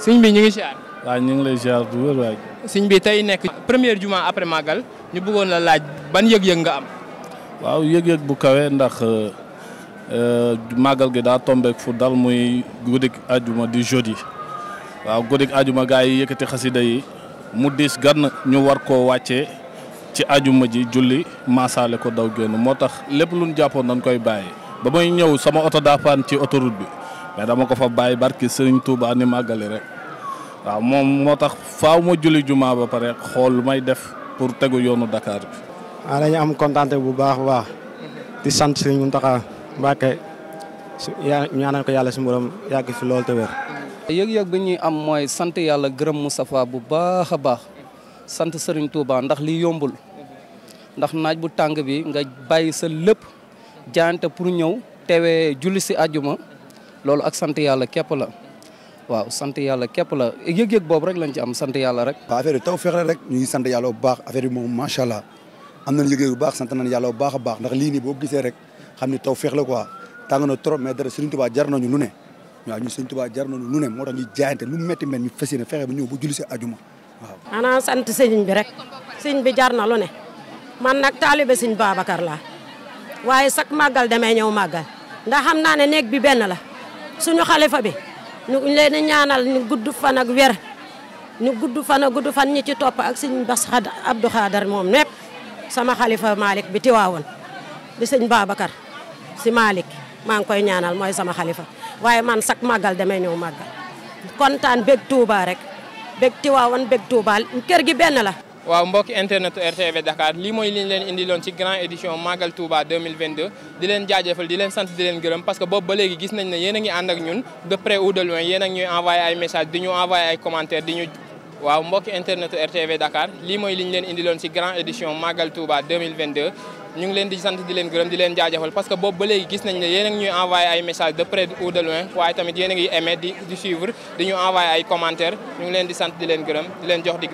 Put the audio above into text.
sëñ bi ñu ngi si waaw ñu ngi lay siyaar bu sëñ bi tey nekk première juma après màggal ñu bëggoon la laaj ban yëg-yëg nga am. waaw yëg bu kawe ndax euh, euh, màggal gi daa fu dal muy guddik ajuma di jeudi waaw guddik ajuma gaa yi yëkkati xasida yi mu diis gan ñu war koo wàccee ci ajuma ji julli maasaale ko daw génn moo tax lépp lu jàppoon dañ koy bàyyi. ba may ñëw sama oto daa ci autoroute bi. mais dama ko fa bàyyi barki sëriñ Touba ni màggali rek waaw moom moo tax faaw ma julli jumaa ba pare xool lu may def pour tegu yoonu dakaar bi. waaw ah, dañu am kontaante bu baax a baax di sant sëriñ Mountakha Mbacké ñaanal ko yàlla si mbooloo yàgg fi lool te wér. yëg-yëg am mooy sant yàlla gërëm Moustapha bu baax a baax sëriñ Touba ndax lii yombul ndax naaj bu tàng bi nga bàyyi sa lépp jaante pour ñëw teewee julli si àjjuma. loolu ak sant yàlla képp la waaw sant yàlla képp la yëg-yëg boobu rek lañ ci am sant yàlla rek. waaw taw fexe rek ñu ngi sant yàlla bu baax affaire bi moom macha allah am nañu yëg-yëg bu baax sant nañu yàlla bu baax a baax ndax lii nii boo gisee rek xam ni taw feex la quoi tàng na trop mais dara Serigne Touba jar nañu lu ne waaw ñu Serigne Touba jar nañu lu ne moo tax ñu jaayante lu metti mel ñu fas yéene fexe ba ñëw ba julli si ajuma waaw. xanaa sant sëñ bi rek sëñ bi jar na lu ne man nag taalibe sëñ Babacar laa waaye sax màggal damay ñëw màggal ndax xam naa ne néeg bi benn la suñu xalifa bi ñu leen di ñaanal ñu gudd fan ak wer ñu gudd fan ak gudd fan ñi ci topp ak sëñ Bass moom nekk sama xalifa Malick bi tiwaawoon di sëñ Babacar si malik maa ngi koy ñaanal mooy sama xalifa waaye man sak màggal damay ñëw màggal kontaan bég Touba rek beg tiwaawoon bég Touba kër gi benn la waaw mbokki internet RTV Dakar lii mooy li leen indiloon ci grand édition Magal Touba 2022 di leen jaajëfal di leen sant di leen gërëm parce que boobu ba léegi gis nañ ne yéen a ngi ànd ñun de près ou de loin yéen a ngi ñuy envoyé ay message di ñu envoyé ay a di ñu waaw mbokki internet RTV Dakar lii mooy li ñu leen indiloon ci grand édition Magal Touba 2022 ñu ngi leen di sant di leen gërëm di leen jaajëfal parce que boobu ba léegi gis nañ ne yéen a ngi ñuy envoyé ay message de près ou de loin waaye tamit yéen a ngi aimé di suivre di ñu envoyé ay commentaire ñu ngi leen di sant di leen gërëm di leen jox dig